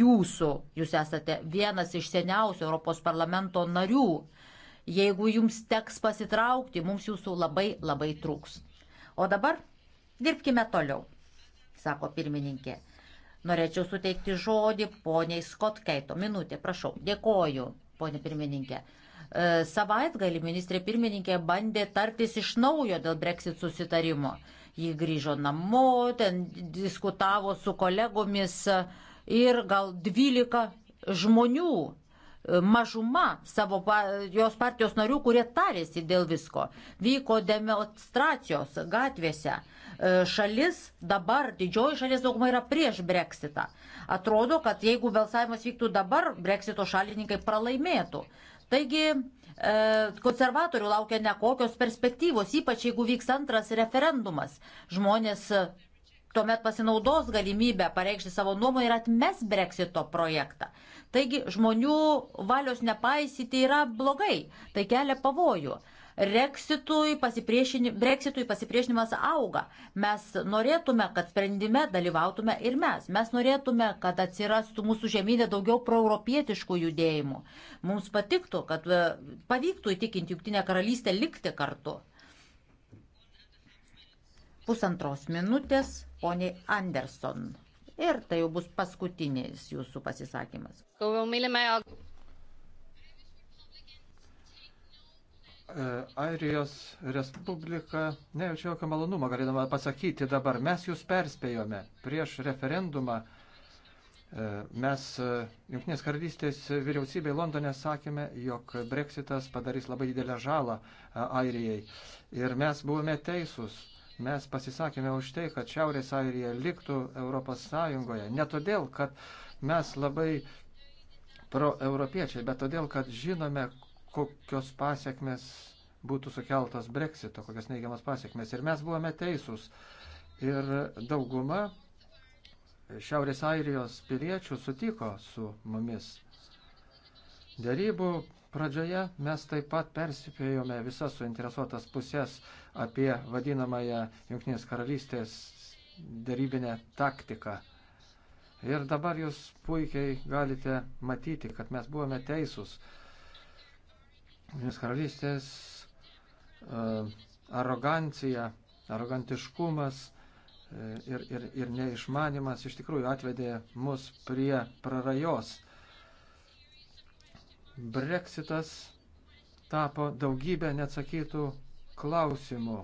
jūsų. Jūs esate vienas iš seniausių Europos parlamento narių. Jeigu jums teks pasitraukti, mums jūsų labai labai trūks. O dabar dirbkime toliau, sako pirmininkė. Norėčiau suteikti žodį poniai Skotkeito. Minutė, prašau. Dėkoju, ponė pirmininkė. E, savaitgalį ministrė pirmininkė bandė tartis iš naujo dėl Brexit susitarimo. Ji grįžo namo, ten diskutavo su kolegomis. E, ir gal 12 žmonių e, mažuma savo jos partijos narių, kurie tarėsi dėl visko. Vyko demonstracijos gatvėse. E, šalis dabar, didžioji šalies dauguma yra prieš breksitą. Atrodo, kad jeigu balsavimas vyktų dabar, breksito šalininkai pralaimėtų. Taigi e, konservatorių laukia nekokios perspektyvos, ypač jeigu vyks antras referendumas. Žmonės tuomet pasinaudos galimybę pareikšti savo nuomonę ir atmes breksito projektą. Taigi žmonių valios nepaisyti yra blogai, tai kelia pavojų. Brexitui pasipriešinimas auga. Mes norėtume, kad sprendime dalyvautume ir mes. Mes norėtume, kad atsirastų mūsų žemynė daugiau proeuropietiškų judėjimų. Mums patiktų, kad e, pavyktų įtikinti Junktinę karalystę likti kartu. Pusantros minutės poniai Anderson. Ir tai jau bus paskutinis jūsų pasisakymas. E, Airijos Respublika nejaučia jokio malonumo, galėdama pasakyti dabar, mes jūs perspėjome prieš referendumą. E, mes e, Junktinės karalystės vyriausybei Londone sakėme, jog Brexitas padarys labai didelę žalą Airijai. Ir mes buvome teisūs. Mes pasisakėme už tai, kad Šiaurės Airija liktų Europos Sąjungoje. Ne todėl, kad mes labai proeuropiečiai, bet todėl, kad žinome, kokios pasiekmes būtų sukeltos breksito, kokios neigiamas pasiekmes. Ir mes buvome teisūs. Ir dauguma Šiaurės Airijos piliečių sutiko su mumis. Darybų pradžioje mes taip pat persipėjome visas suinteresuotas pusės apie vadinamąją Junktinės karalystės darybinę taktiką. Ir dabar jūs puikiai galite matyti, kad mes buvome teisūs. Junktinės karalystės uh, arogancija, arogantiškumas e, ir, ir, ir neišmanimas iš tikrųjų atvedė mus prie prarajos. Brexitas tapo daugybę neatsakytų klausimų.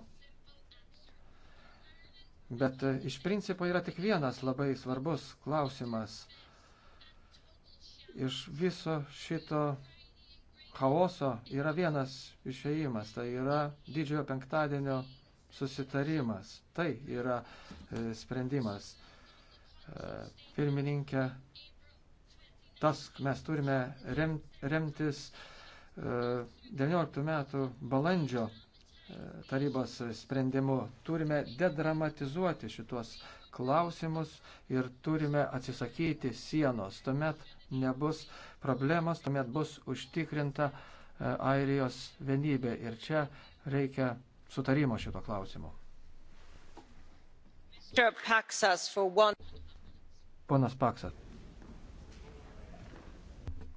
Bet e, iš principo yra tik vienas labai svarbus klausimas. Iš viso šito chaoso yra vienas išeimas, tai yra didžiojo penktadienio susitarimas. Tai yra e, sprendimas. E, pirmininkė tas mes turime remtis 19 e, metų balandžio e, tarybos sprendimu. Turime dedramatizuoti šitos klausimus ir turime atsisakyti sienos. Tuomet nebus problemos, tuomet bus užtikrinta e, Airijos vienybė. Ir čia reikia sutarimo šito klausimu. Ponas Paksas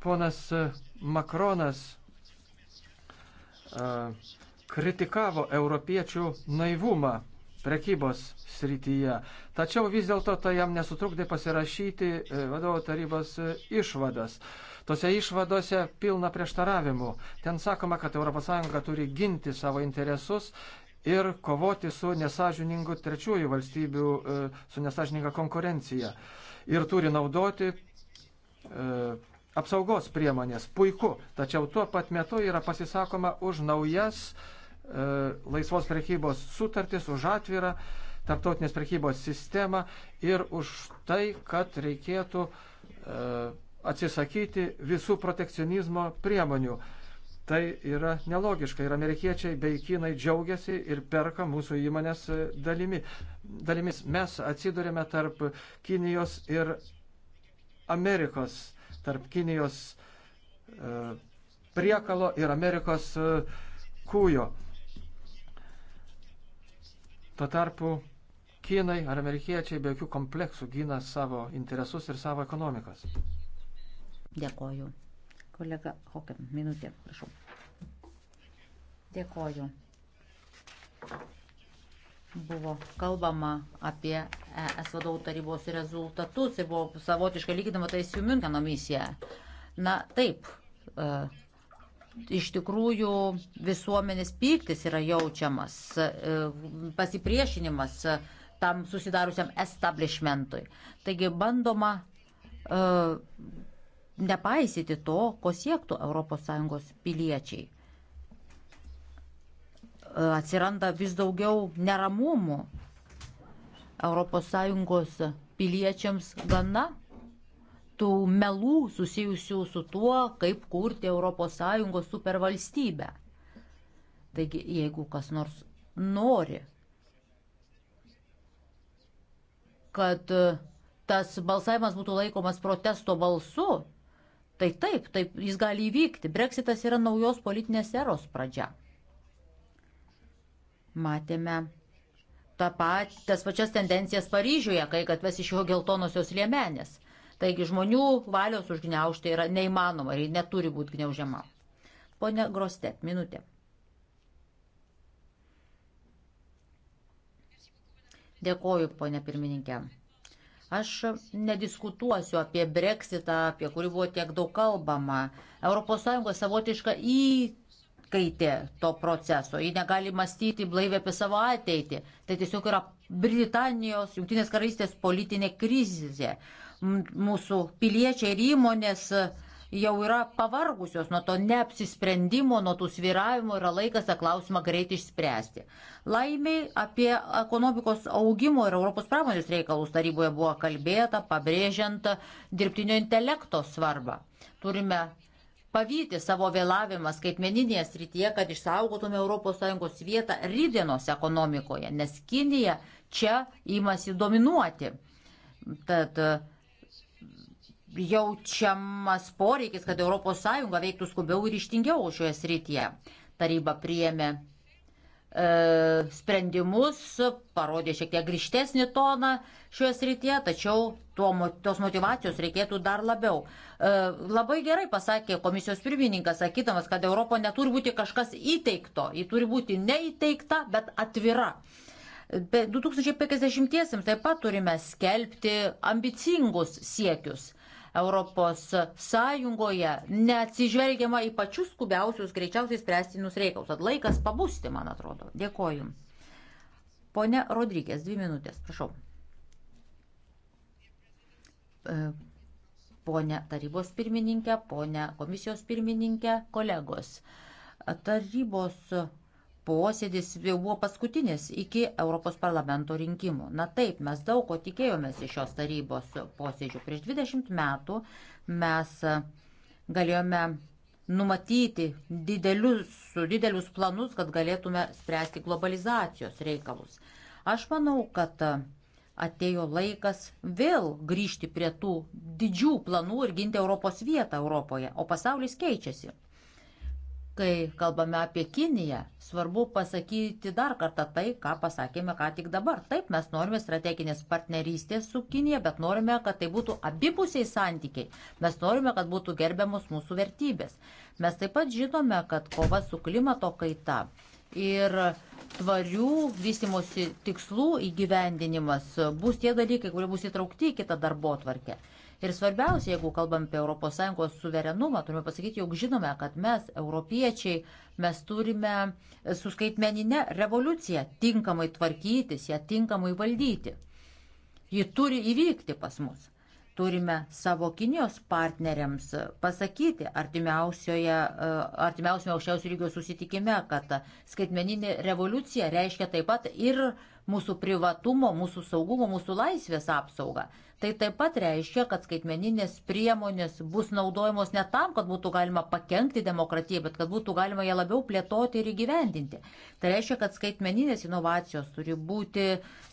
Ponas Makronas kritikavo europiečių naivumą prekybos srityje. Tačiau vis dėlto tai jam nesutrukdė pasirašyti e, vadovo tarybos e, išvadas. Tose išvadose pilna prieštaravimų. Ten sakoma, kad ES turi ginti savo interesus ir kovoti su nesažiningu trečiųjų valstybių, e, su nesažininga konkurencija. Ir turi naudoti apsaugos priemonės. Puiku, tačiau tuo pat metu yra pasisakoma už naujas e, laisvos prekybos sutartis, už atvirą tarptautinės prekybos sistemą ir už tai, kad reikėtų e, atsisakyti visų protekcionizmo priemonių. Tai yra nelogiška ir amerikiečiai bei kinai džiaugiasi ir perka mūsų įmonės e, dalimi. dalimis. Mes atsidurėme tarp Kinijos ir Amerikos tarp Kinijos e, priekalo ir Amerikos e, kūjo. Tuo tarpu Kinai ar amerikiečiai be jokių kompleksų gina savo interesus ir savo ekonomikas. Dėkoju. Kolega Hokem, minutė, prašau. Dėkoju buvo kalbama apie ES vadovų tarybos rezultatus ir buvo savotiškai lyginama tai su Müncheno misija. Na taip, e, iš tikrųjų visuomenės pyktis yra jaučiamas, e, pasipriešinimas e, tam susidariusiam establishmentui. Taigi bandoma e, nepaisyti to, ko siektų ES piliečiai atsiranda vis daugiau neramumų. ES piliečiams gana tų melų susijusių su tuo, kaip kurti ES supervalstybę. Taigi, jeigu kas nors nori, kad tas balsavimas būtų laikomas protesto balsu, tai taip, taip jis gali įvykti. Brexitas yra naujos politinės eros pradžia. Matėme ta pat, tas pačias tendencijas Paryžiuje, kai atves iš jo geltonosios liemenės. Taigi žmonių valios užgneušti yra neįmanoma ir neturi būti gniaužiama. Pone Groste, minutė. Dėkoju, ponė pirmininkė. Aš nediskutuosiu apie breksitą, apie kurį buvo tiek daug kalbama. ES savotiška į kaitė to proceso, ji negali mąstyti blaivę apie savo ateitį. Tai tiesiog yra Britanijos, Junktinės karalystės politinė krizė. Mūsų piliečiai ir įmonės jau yra pavargusios nuo to neapsisprendimo, nuo tų sviravimų, yra laikas tą klausimą greitai išspręsti. Laimiai apie ekonomikos augimo ir Europos pramonės reikalus taryboje buvo kalbėta, pabrėžiant dirbtinio intelekto svarbą. Turime pavyti savo vėlavimą skaitmeninėje srityje, kad išsaugotume ES vietą rydienos ekonomikoje, nes Kinija čia įmasi dominuoti. Tad e, jaučiamas poreikis, kad ES veiktų skubiau ir ištingiau šioje srityje. Taryba priėmė E, sprendimus, parodė šiek tiek grįžtesnį toną šioje srityje, tačiau tuo, tos motivacijos reikėtų dar labiau. E, labai gerai pasakė komisijos pirmininkas, sakydamas, kad Europo neturi būti kažkas įteikto, ji turi būti neįteikta, bet atvira. Be 2050-iesiams taip pat turime skelbti ambicingus siekius. Europos Sąjungoje neatsižvelgiama į pačius skubiausius, greičiausiai spręstinus reikalus. Tad laikas pabusti, man atrodo. Dėkoju. Pone Rodrygės, dvi minutės, prašau. E, pone tarybos pirmininkė, pone komisijos pirmininkė, kolegos. Tarybos posėdis jau buvo paskutinis iki Europos parlamento rinkimų. Na taip, mes daug ko tikėjomės iš šios tarybos posėdžių. Prieš 20 metų mes galėjome numatyti didelius, didelius planus, kad galėtume spręsti globalizacijos reikalus. Aš manau, kad atėjo laikas vėl grįžti prie tų didžių planų ir ginti Europos vietą Europoje, o pasaulis keičiasi. Kai kalbame apie Kiniją, svarbu pasakyti dar kartą tai, ką pasakėme ką tik dabar. Taip, mes norime strateginės partnerystės su Kinija, bet norime, kad tai būtų abipusiai santykiai. Mes norime, kad būtų gerbiamos mūsų vertybės. Mes taip pat žinome, kad kova su klimato kaita ir tvarių vystimosi tikslų įgyvendinimas bus tie dalykai, kurie bus įtraukti į kitą darbo tvarkę. Ir svarbiausia, jeigu kalbam apie ES suverenumą, turime pasakyti, jog žinome, kad mes, europiečiai, mes turime su skaitmeninė revoliucija tinkamai tvarkytis, ją tinkamai valdyti. Ji turi įvykti pas mus turime savo Kinijos partneriams pasakyti artimiausioje e, aukščiausių lygio susitikime, kad skaitmeninė revoliucija reiškia taip pat ir mūsų privatumo, mūsų saugumo, mūsų laisvės apsaugą. Tai taip pat reiškia, kad skaitmeninės priemonės bus naudojamos ne tam, kad būtų galima pakengti demokratijai, bet kad būtų galima ją labiau plėtoti ir įgyvendinti. Tai reiškia, kad skaitmeninės inovacijos turi būti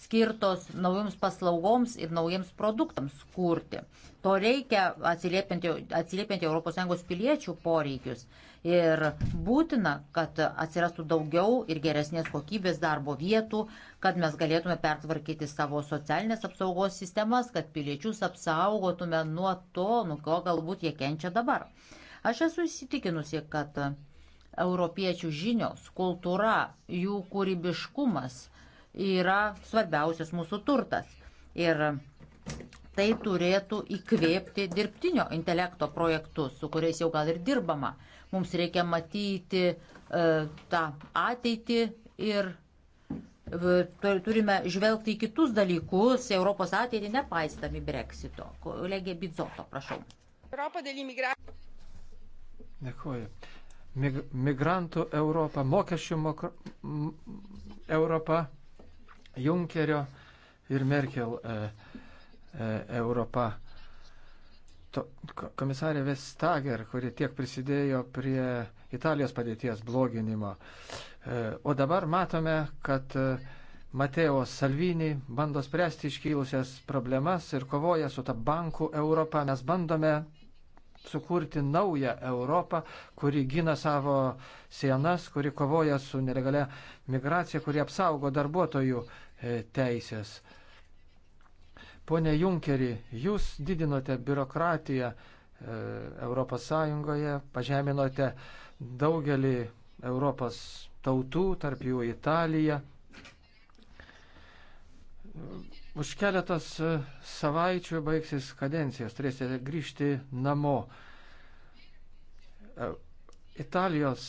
skirtos naujoms paslaugoms ir naujiems produktams kurti. To reikia atsiliepiant, atsiliepiant ES piliečių poreikius. Ir būtina, kad atsirastų daugiau ir geresnės kokybės darbo vietų, kad mes galėtume pertvarkyti savo socialinės apsaugos sistemas, kad piliečius apsaugotume nuo to, nuo ko galbūt jie kenčia dabar. Aš esu įsitikinusi, kad europiečių žinios, kultūra, jų kūrybiškumas yra svarbiausias mūsų turtas. Ir tai turėtų įkvėpti dirbtinio intelekto projektus, su kuriais jau gal ir dirbama. Mums reikia matyti e, tą ateitį ir e, turime žvelgti į kitus dalykus, Europos ateitį nepaistami breksito. Kolegė Bidzoto, prašau. Dėkuoju. Mig migrantų Europa, mokesčių mokra... Europa Junkerio ir Merkel e, e, Europa. To, komisarė Vestager, kuri tiek prisidėjo prie Italijos padėties bloginimo. E, o dabar matome, kad e, Mateo Salvini bando spręsti iškylusias problemas ir kovoja su ta bankų Europą. Mes bandome sukurti naują Europą, kuri gina savo sienas, kuri kovoja su nelegalia migracija, kuri apsaugo darbuotojų E, teisės. Pone Junkeri, jūs didinote biurokratiją ES, pažeminote daugelį Europos tautų, tarp jų Italiją. Už keletas e, savaičių baigsis kadencijos, turėsite grįžti namo. E, Italijos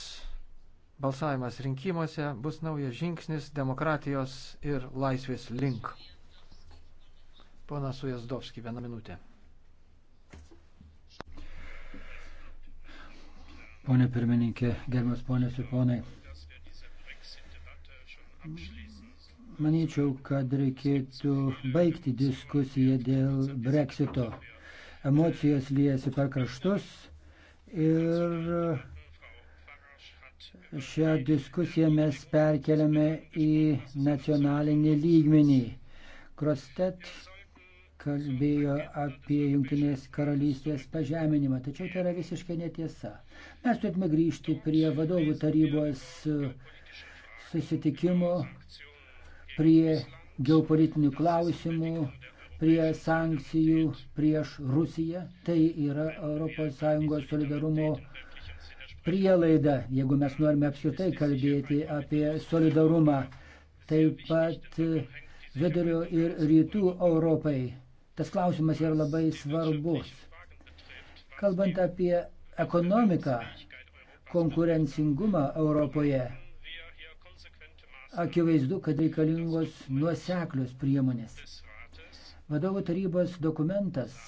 Balsavimas rinkimuose bus naujas žingsnis demokratijos ir laisvės link. Ponas Ujazdovski, vieną minutę. Pone pirmininkė, gerbiamas ponės ir ponai. Manyčiau, kad reikėtų baigti diskusiją dėl breksito. Emocijos liejasi per kraštus ir šią diskusiją mes perkeliame į nacionalinį lygmenį. Krostet kalbėjo apie Junktinės karalystės pažeminimą, tačiau tai yra visiškai netiesa. Mes turėtume grįžti prie vadovų tarybos uh, susitikimo, prie geopolitinių klausimų, prie sankcijų prieš Rusiją. Tai yra ES solidarumo prielaida, jeigu mes norime apskritai kalbėti apie solidarumą, taip pat vidurio ir rytų Europai. Tas klausimas yra labai svarbus. Kalbant apie ekonomiką, konkurencingumą Europoje, akivaizdu, kad reikalingos nuoseklios priemonės. Vadovų tarybos dokumentas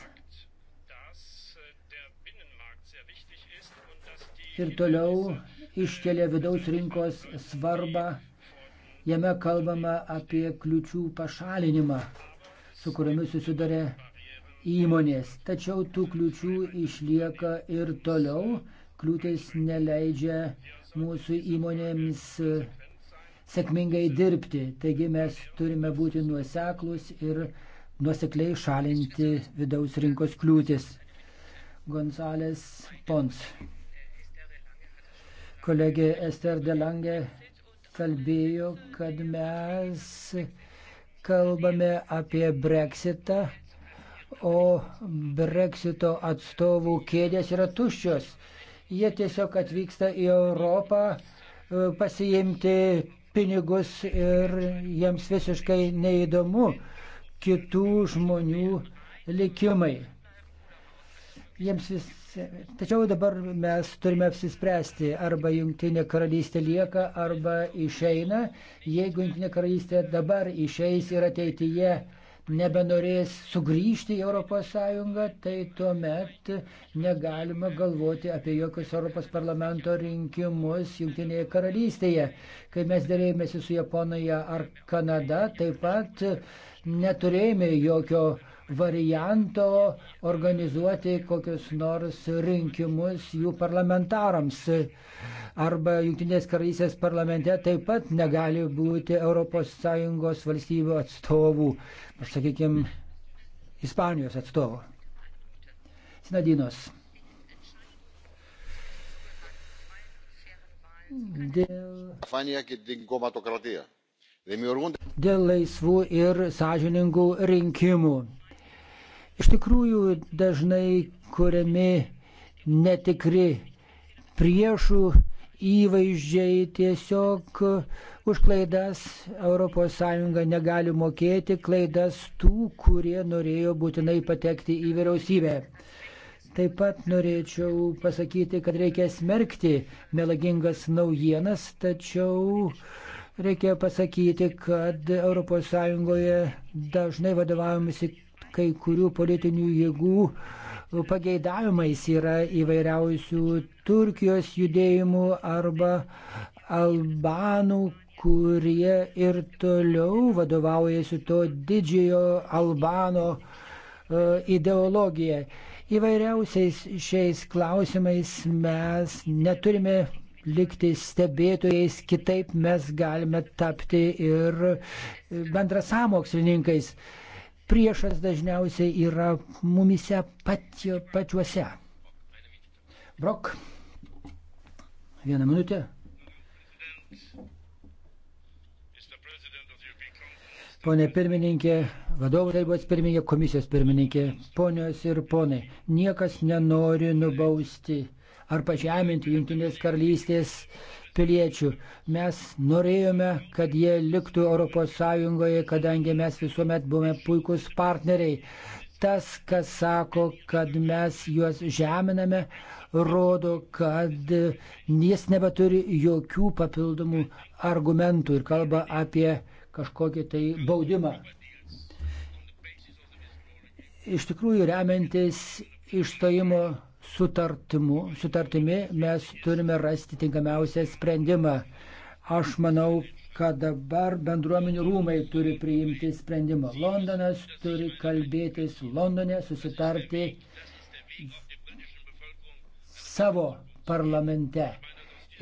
ir toliau iškelia vidaus rinkos svarbą. Jame kalbama apie kliučių pašalinimą, su kuriomis susidarė įmonės. Tačiau tų kliučių išlieka ir toliau. Kliūtis neleidžia mūsų įmonėms sėkmingai dirbti. Taigi mes turime būti nuoseklus ir nuosekliai šalinti vidaus rinkos kliūtis. Gonzales Pons. Kolegė Ester Delangė kalbėjo, kad mes kalbame apie breksitą, o breksito atstovų kėdės yra tuščios. Jie tiesiog atvyksta į Europą e, pasiimti pinigus ir jiems visiškai neįdomu kitų žmonių likimai. Jiems vis, Tačiau dabar mes turime apsispręsti, arba Junktinė karalystė lieka, arba išeina. Jeigu Junktinė karalystė dabar išeis ir ateityje nebenorės sugrįžti į ES, tai tuomet negalima galvoti apie jokius Europos parlamento rinkimus Junktinėje karalystėje. Kai mes dėrėjomės su Japonija ar Kanada, taip pat neturėjome jokio uh, varianto organizuoti kokius nors rinkimus jų parlamentarams. Arba Junktinės karalystės parlamente taip pat negali būti ES valstybių atstovų, aš sakykime, Ispanijos atstovų. Sinadinos. Dėl... Dėl laisvų ir sąžiningų rinkimų Iš tikrųjų dažnai kuriami netikri priešų įvaizdžiai tiesiog už klaidas ES negali mokėti, klaidas tų, kurie norėjo būtinai patekti į vyriausybę. Taip pat norėčiau pasakyti, kad reikia smerkti melagingas naujienas, tačiau reikia pasakyti, kad ES dažnai vadovaujamasi kai kurių politinių jėgų pageidavimais yra įvairiausių Turkijos judėjimų arba Albanų, kurie ir toliau vadovaujasi to didžiojo Albano e, ideologija. Įvairiausiais šiais klausimais mes neturime likti stebėtojais, kitaip mes galime tapti ir bendrasamokslininkais. Priešas dažniausiai yra mumise patio, pačiuose. Brok, vieną minutę. Pone pirmininkė, vadovų tarybos pirmininkė, komisijos pirmininkė, ponios ir ponai, niekas nenori nubausti ar pažeminti Junktinės karalystės piliečių. Mes norėjome, kad jie liktų ES, kadangi mes visuomet buvome puikūs partneriai. Tas, kas sako, kad mes juos žeminame, rodo, kad jis nebeturi jokių papildomų argumentų ir kalba apie kažkokį tai baudimą. Iš tikrųjų, remiantis išstojimo sutartimu, sutartimi mes turime rasti tinkamiausią sprendimą. Aš manau, kad dabar bendruomenių rūmai turi priimti sprendimą. Londonas turi kalbėtis Londone, susitarti savo parlamente.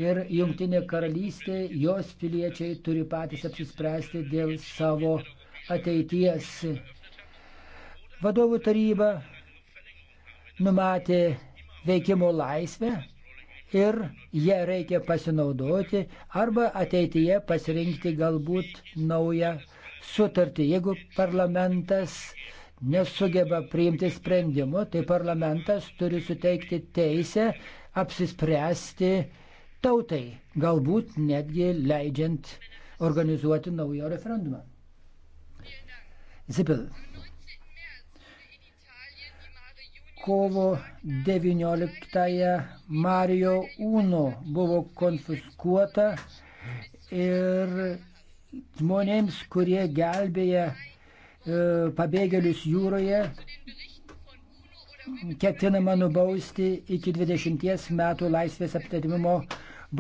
Ir Junktinė karalystė, jos piliečiai turi patys apsispręsti dėl savo ateities. Vadovų taryba numatė veikimo laisvę ir ją reikia pasinaudoti arba ateityje pasirinkti galbūt naują sutartį. Jeigu parlamentas nesugeba priimti sprendimo, tai parlamentas turi suteikti teisę apsispręsti tautai, galbūt netgi leidžiant organizuoti naują referendumą. Zipil. kovo 19-ąją Mario Uno buvo konfiskuota ir žmonėms, kurie gelbėja e, pabėgėlius jūroje, ketinama nubausti iki 20 metų laisvės aptarimo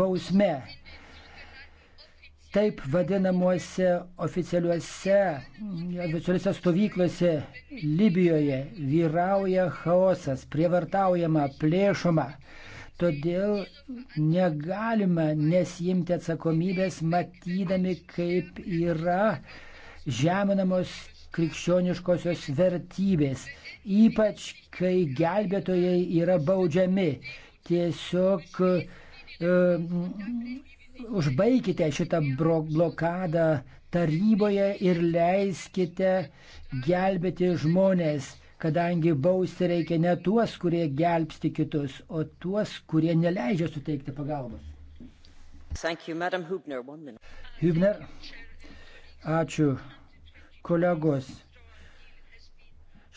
bausme taip vadinamuose oficialiuose, oficialiuose stovyklose Libijoje vyrauja chaosas, prievartaujama, plėšoma. Todėl negalima nesijimti atsakomybės, matydami, kaip yra žeminamos krikščioniškosios vertybės, ypač kai gelbėtojai yra baudžiami. Tiesiog e, užbaikite šitą blokadą taryboje ir leiskite gelbėti žmonės, kadangi bausti reikia ne tuos, kurie gelbsti kitus, o tuos, kurie neleidžia suteikti pagalbos. You, Hübner. Hübner, ačiū kolegos.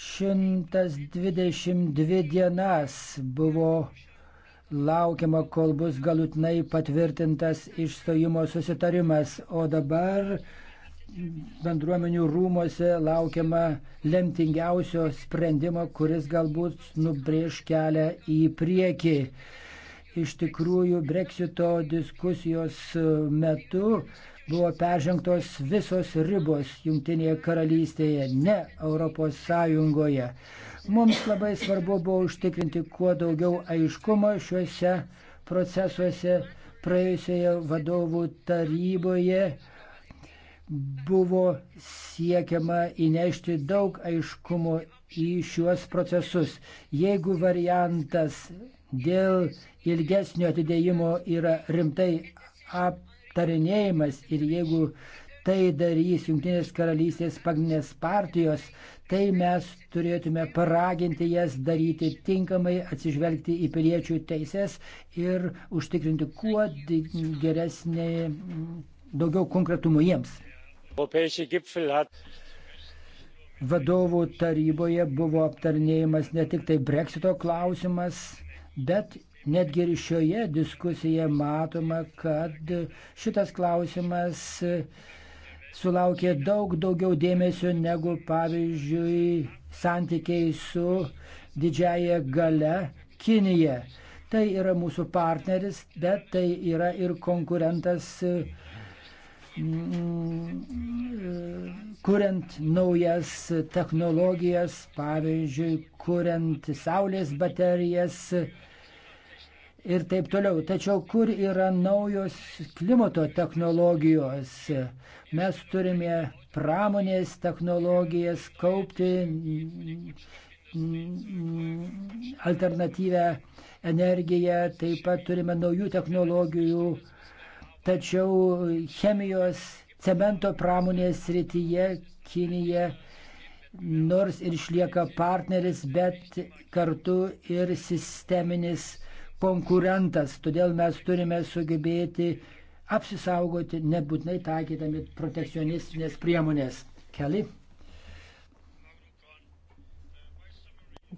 122 dienas buvo laukiama, kol bus galutinai patvirtintas išstojimo susitarimas, o dabar bendruomenių rūmose laukiama lemtingiausio sprendimo, kuris galbūt nubrėž kelią į priekį. Iš tikrųjų, breksito diskusijos metu uh, buvo peržengtos visos ribos Junktinėje karalystėje, ne Europos Sąjungoje. Mums labai svarbu buvo užtikrinti kuo daugiau aiškumo šiuose procesuose. Praėjusioje vadovų taryboje buvo siekiama įnešti daug aiškumo į šiuos procesus. Jeigu variantas dėl ilgesnio atidėjimo yra rimtai ap aptarinėjimas ir jeigu tai darys Junktinės karalystės pagrindinės partijos, tai mes turėtume paraginti jas daryti tinkamai, atsižvelgti į piliečių teises ir užtikrinti kuo geresnį, daugiau konkretumo jiems. Vadovų taryboje buvo aptarnėjimas ne tik tai breksito klausimas, bet Netgi ir šioje diskusijoje matoma, kad šitas klausimas sulaukė daug daugiau dėmesio negu, pavyzdžiui, santykiai su didžiaja gale Kinija. Tai yra mūsų partneris, bet tai yra ir konkurentas kuriant naujas technologijas, pavyzdžiui, kuriant saulės baterijas, ir taip toliau. Tačiau kur yra naujos klimato technologijos? Mes turime pramonės technologijas kaupti alternatyvę energiją, taip pat turime naujų technologijų, tačiau chemijos, cemento pramonės srityje Kinija nors ir išlieka partneris, bet kartu ir sisteminis konkurentas, todėl mes turime sugebėti apsisaugoti, nebūtinai taikydami protekcionistinės priemonės. Keli.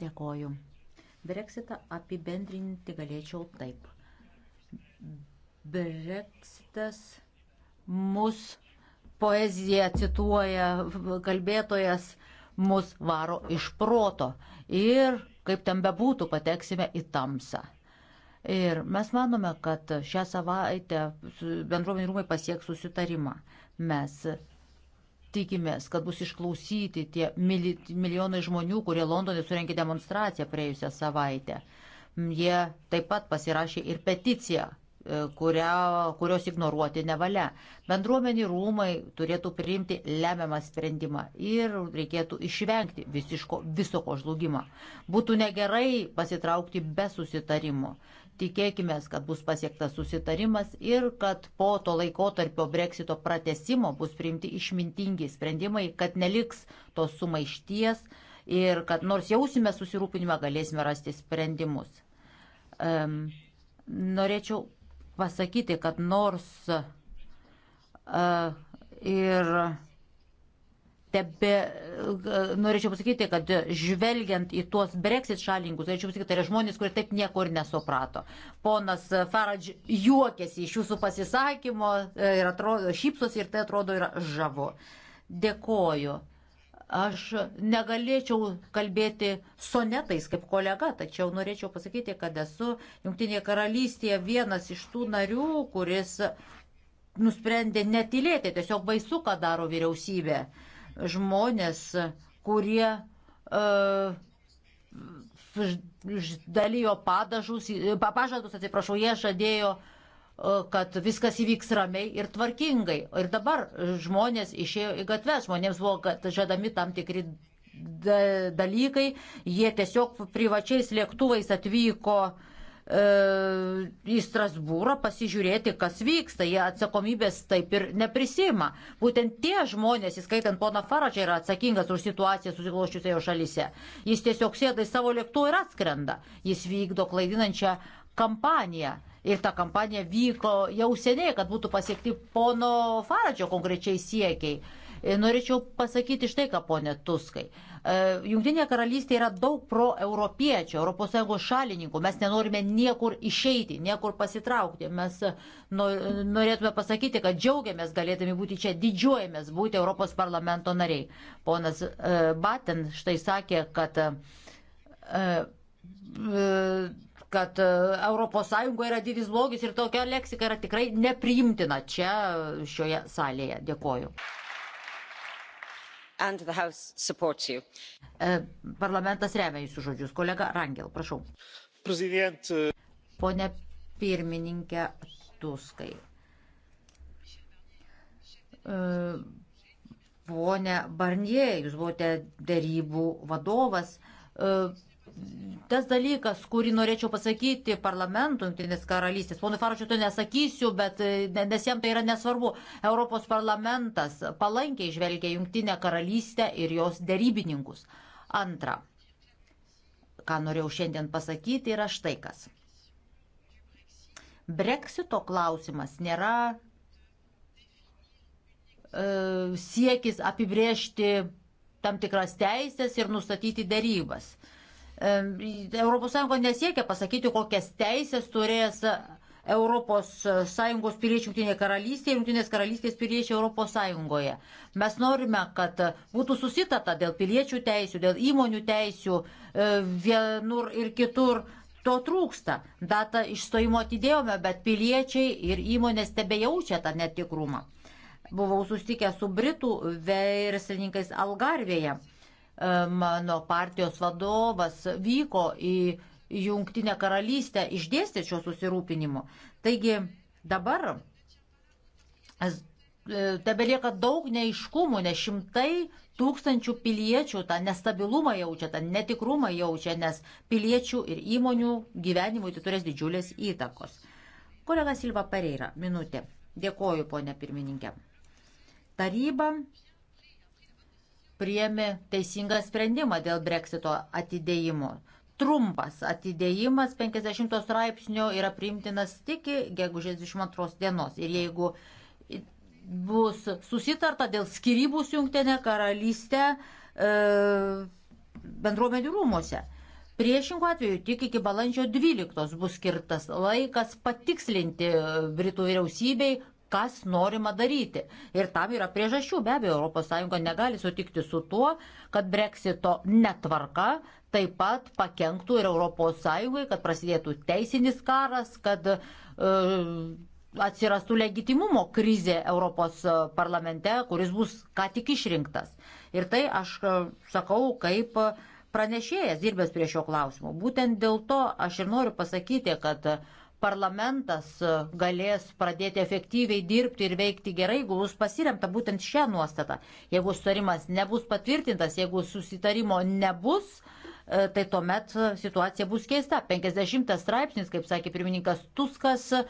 Dėkoju. Brexitą apibendrinti galėčiau taip. Brexitas mus poeziją cituoja kalbėtojas, mus varo iš proto ir kaip ten bebūtų pateksime į tamsą. Ir mes manome, kad šią savaitę bendruomenių rūmai pasieks susitarimą. Mes tikimės, kad bus išklausyti tie milijonai žmonių, kurie Londone surenkė demonstraciją praėjusią savaitę. Jie taip pat pasirašė ir peticiją, e, kuria, kurios ignoruoti nevalia. Bendruomenių rūmai turėtų priimti lemiamą sprendimą ir reikėtų išvengti visiško viso ko žlugimo. Būtų negerai pasitraukti be susitarimo. Tikėkime, kad bus pasiektas susitarimas ir kad po to laiko tarpio breksito pratesimo bus priimti išmintingi sprendimai, kad neliks tos sumaišties ir kad nors jausime susirūpinimą, galėsime rasti sprendimus. Um, norėčiau pasakyti, kad nors uh, ir tebe, e, norėčiau pasakyti, kad žvelgiant į tuos Brexit šalininkus, norėčiau pasakyti, tai yra žmonės, kurie taip nieko ir nesuprato. Ponas Faradž juokėsi iš jūsų pasisakymo e, ir atrodo, šypsosi ir tai atrodo yra žavu. Dėkoju. Aš negalėčiau kalbėti sonetais kaip kolega, tačiau norėčiau pasakyti, kad esu Junktinėje karalystėje vienas iš tų narių, kuris nusprendė netilėti, tiesiog baisu, ką daro vyriausybė. Uh, žmonės, kurie e, uh, dalyjo padažus, pažadus, atsiprašau, jie žadėjo, uh, kad viskas įvyks ramiai ir tvarkingai. Ir dabar žmonės išėjo į gatves, žmonėms buvo žadami tam tikri dalykai, jie tiesiog privačiais lėktuvais atvyko uh, E, į Strasbūrą pasižiūrėti, kas vyksta. Jie atsakomybės taip ir neprisima. Būtent tie žmonės, įskaitant poną Faradžią, yra atsakingas už situaciją susikloščiusioje šalyse. Jis tiesiog sėda į savo lėktuvą ir atskrenda. Jis vykdo klaidinančią kampaniją. Ir ta kampanija vyko jau seniai, kad būtų pasiekti pono Faradžio konkrečiai siekiai. E, norėčiau pasakyti štai ką, ponė Tuskai. E, Junktinėje karalystėje yra daug pro-europiečių, ES šalininkų. Mes nenorime niekur išeiti, niekur pasitraukti. Mes norėtume pasakyti, kad džiaugiamės galėdami būti čia, didžiuojamės būti Europos parlamento nariai. Ponas e, Baten štai sakė, kad e, kad ES yra didis blogis ir tokia leksika yra tikrai nepriimtina čia šioje salėje. Dėkoju. E, parlamentas remia jūsų žodžius. Kolega Rangel, prašau. Prezident. E, pone pirmininkė Tuskai. E, pone Barnie, jūs buvote darybų vadovas tas dalykas, kurį norėčiau pasakyti parlamentui, Junktinės karalystės, ponui Faračiu to nesakysiu, bet e, nes jam tai yra nesvarbu, Europos parlamentas palankiai žvelgia Junktinę karalystę ir jos dėrybininkus. Antra, ką norėjau šiandien pasakyti, yra štai kas. Brexito klausimas nėra e, siekis apibriežti tam tikras teisės ir nustatyti dėrybas. E, ES nesiekia pasakyti, kokias teisės turės ES piliečių Junktinėje karalystėje ir Junktinės karalystės piliečių ES. Mes norime, kad būtų susitata dėl piliečių teisių, dėl įmonių teisių e, vienur ir kitur. To trūksta. Datą išstojimo atidėjome, bet piliečiai ir įmonės tebe jaučia tą netikrumą. Buvau sustikę su Britų verslininkais Algarvėje mano partijos vadovas vyko į Jungtinę karalystę išdėstė šio susirūpinimo. Taigi dabar e, tebelieka daug neiškumų, nes šimtai tūkstančių piliečių tą nestabilumą jaučia, tą netikrumą jaučia, nes piliečių ir įmonių gyvenimui tai turės didžiulės įtakos. Kolega Silva Pareira, minutė. Dėkoju, ponė pirmininkė. Taryba priemi teisingą sprendimą dėl breksito atidėjimo. Trumpas atidėjimas 50 straipsnio yra priimtinas tik gegužės 22 dienos. Ir jeigu bus susitarta dėl skirybų su jungtinė karalystė e, bendruomenių rūmose. Priešingų atveju tik iki balandžio 12 bus skirtas laikas patikslinti Britų vyriausybei, kas norima daryti. Ir tam yra priežasčių. Be abejo, ES negali sutikti su tuo, kad breksito netvarka taip pat pakenktų ir ES, kad prasidėtų teisinis karas, kad e, atsirastų legitimumo krizė Europos parlamente, kuris bus ką tik išrinktas. Ir tai aš e, sakau kaip pranešėjas dirbęs prie šio klausimo. Būtent dėl to aš ir noriu pasakyti, kad parlamentas e, galės pradėti efektyviai dirbti ir veikti gerai, jeigu bus pasiremta būtent šią nuostatą. Jeigu sutarimas nebus patvirtintas, jeigu susitarimo nebus, e, tai tuomet situacija bus keista. 50 straipsnis, kaip sakė pirmininkas Tuskas, e,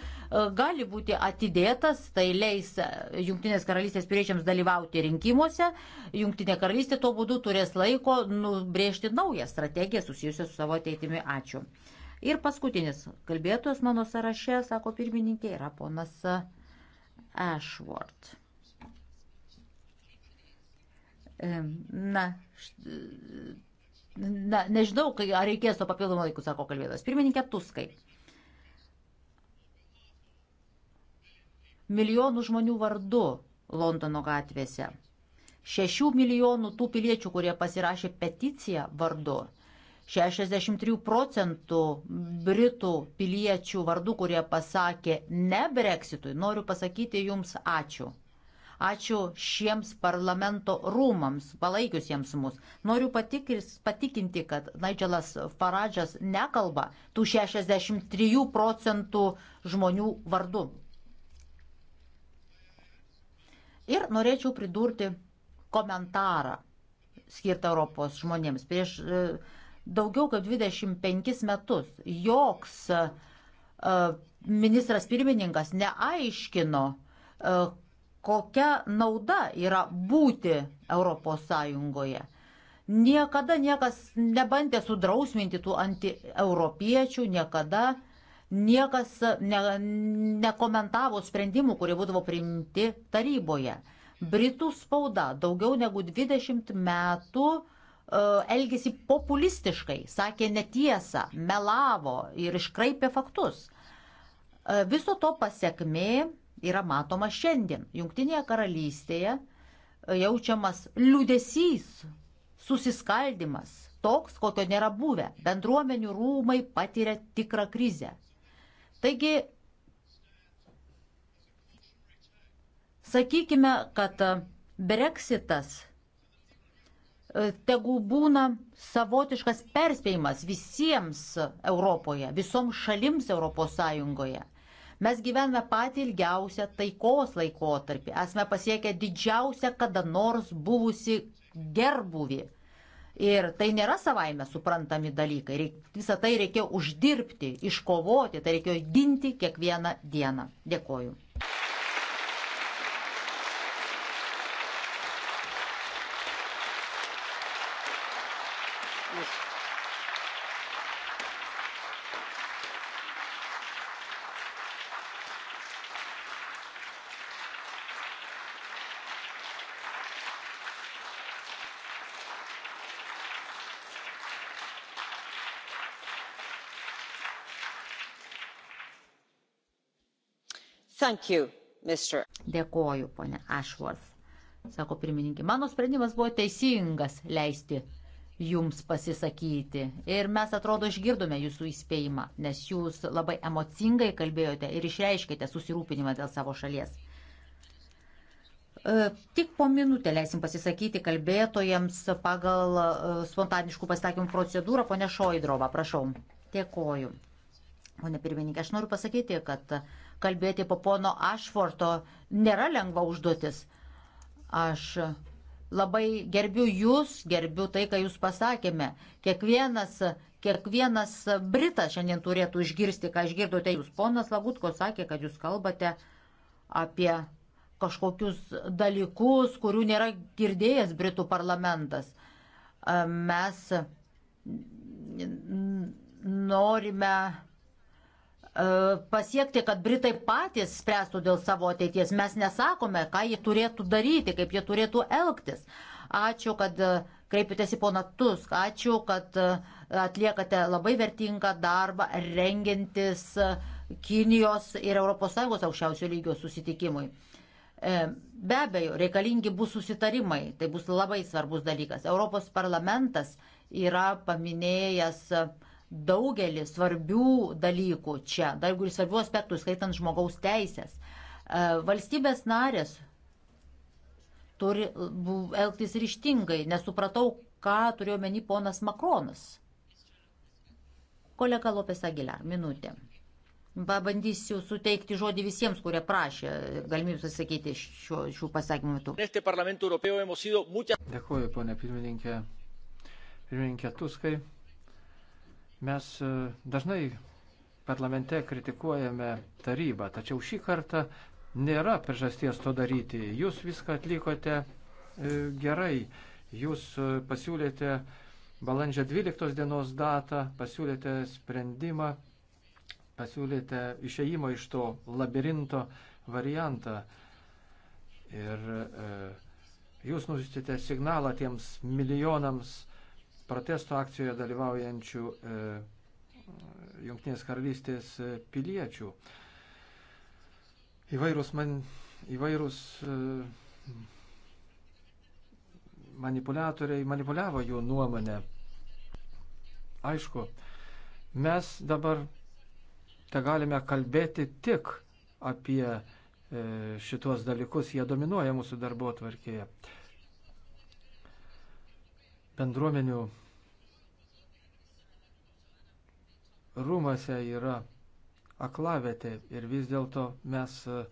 gali būti atidėtas, tai leis Junktinės karalystės piriečiams dalyvauti rinkimuose. Junktinė karalystė tuo būdu turės laiko nubrėžti naują strategiją susijusią su savo ateitimi. Ačiū. Ir paskutinis kalbėtojas mano sąraše, sako pirmininkė, yra ponas Ashworth. Na, na nežinau, ar reikės to papildomo laiko, sako kalbėtas. Pirmininkė Tuskai. Milijonų žmonių vardu Londono gatvėse. Šešių milijonų tų piliečių, kurie pasirašė peticiją vardu 63 procentų Britų piliečių vardų, kurie pasakė ne Brexitui, noriu pasakyti jums ačiū. Ačiū šiems parlamento rūmams, palaikiusiems mus. Noriu patikris, patikinti, kad Nigelas Faradžas nekalba tų 63 procentų žmonių vardu. Ir norėčiau pridurti komentarą skirtą Europos žmonėms. Prieš, e, daugiau kaip 25 metus joks e, ministras pirmininkas neaiškino, e, kokia nauda yra būti ES. Niekada niekas nebandė sudrausminti tų antieuropiečių, niekada niekas ne, nekomentavo sprendimų, kurie būdavo priimti taryboje. Britų spauda daugiau negu 20 metų uh, E, elgėsi populistiškai, sakė netiesą, melavo ir iškraipė faktus. E, viso to pasiekmė yra matoma šiandien. Junktinėje karalystėje e, jaučiamas liūdesys, susiskaldimas, toks, kokio nėra buvę. Bendruomenių rūmai patiria tikrą krizę. Taigi, sakykime, kad Brexitas E, tegul būna savotiškas perspėjimas visiems Europoje, visoms šalims ES. Mes gyvename patį ilgiausią taikos laikotarpį, esame pasiekę didžiausią kada nors buvusi gerbuvį. Ir tai nėra savaime suprantami dalykai. Reik, visą tai reikėjo uždirbti, iškovoti, tai reikėjo ginti kiekvieną dieną. Dėkoju. You, Dėkoju, ponė Ashworth. Sako pirmininkė, mano sprendimas buvo teisingas leisti jums pasisakyti. Ir mes atrodo išgirdome jūsų įspėjimą, nes jūs labai emocingai kalbėjote ir išreiškite susirūpinimą dėl savo šalies. E, tik po minutę leisim pasisakyti kalbėtojams pagal e, spontaniškų pasisakymų procedūrą. Pone Šoidrova, prašau. Dėkoju. Pone pirmininkė, aš noriu pasakyti, kad uh, kalbėti po pono Ašforto nėra lengva užduotis. Aš labai gerbiu jūs, gerbiu tai, ką jūs pasakėme. Kiekvienas, kiekvienas Britas šiandien turėtų išgirsti, ką išgirdote jūs. Ponas Lagutko sakė, kad jūs kalbate apie kažkokius dalykus, kurių nėra girdėjęs Britų parlamentas. Mes norime E, pasiekti, kad Britai patys spręstų dėl savo ateities. Mes nesakome, ką jie turėtų daryti, kaip jie turėtų elgtis. Ačiū, kad e, kreipitės į poną Tusk. Ačiū, kad e, atliekate labai vertingą darbą rengintis Kinijos ir ES aukščiausio lygio susitikimui. Be abejo, reikalingi bus susitarimai, tai bus labai svarbus dalykas. Europos parlamentas yra paminėjęs uh, daugelį svarbių dalykų čia, daugelį svarbių aspektų, skaitant žmogaus teisės. E, valstybės narės turi elgtis ryštingai, nesupratau, ką turėjo meni ponas Makronas. Kolega Lopes Agilar, minutė. Pabandysiu suteikti žodį visiems, kurie prašė galimybės atsakyti šių, šių pasakymų metu. Dėkuoju, ponė pirmininkė. Pirmininkė Tuskai. Mes e, dažnai parlamente kritikuojame tarybą, tačiau šį kartą nėra priežasties to daryti. Jūs viską atlikote e, gerai. Jūs e, pasiūlėte balandžio 12 dienos datą, pasiūlėte sprendimą, pasiūlėte išeimo iš to labirinto variantą. Ir e, jūs nusitėte signalą tiems milijonams protesto akcijoje dalyvaujančių e, Junktinės karalystės e, piliečių. Įvairūs, man, įvairūs e, manipuliatoriai manipuliavo jų nuomonę. Aišku, mes dabar te galime kalbėti tik apie e, šitos dalykus, jie dominuoja mūsų darbo tvarkėje. E, bendruomenių rūmose yra aklavietė ir vis dėlto mes, e,